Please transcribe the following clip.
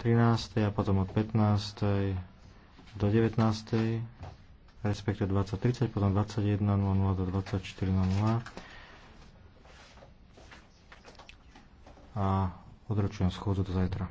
13. a potom od 15. do 19. respektive 20.30, potom 21.00 do 24.00 a odročujem schôdzu do zajtra.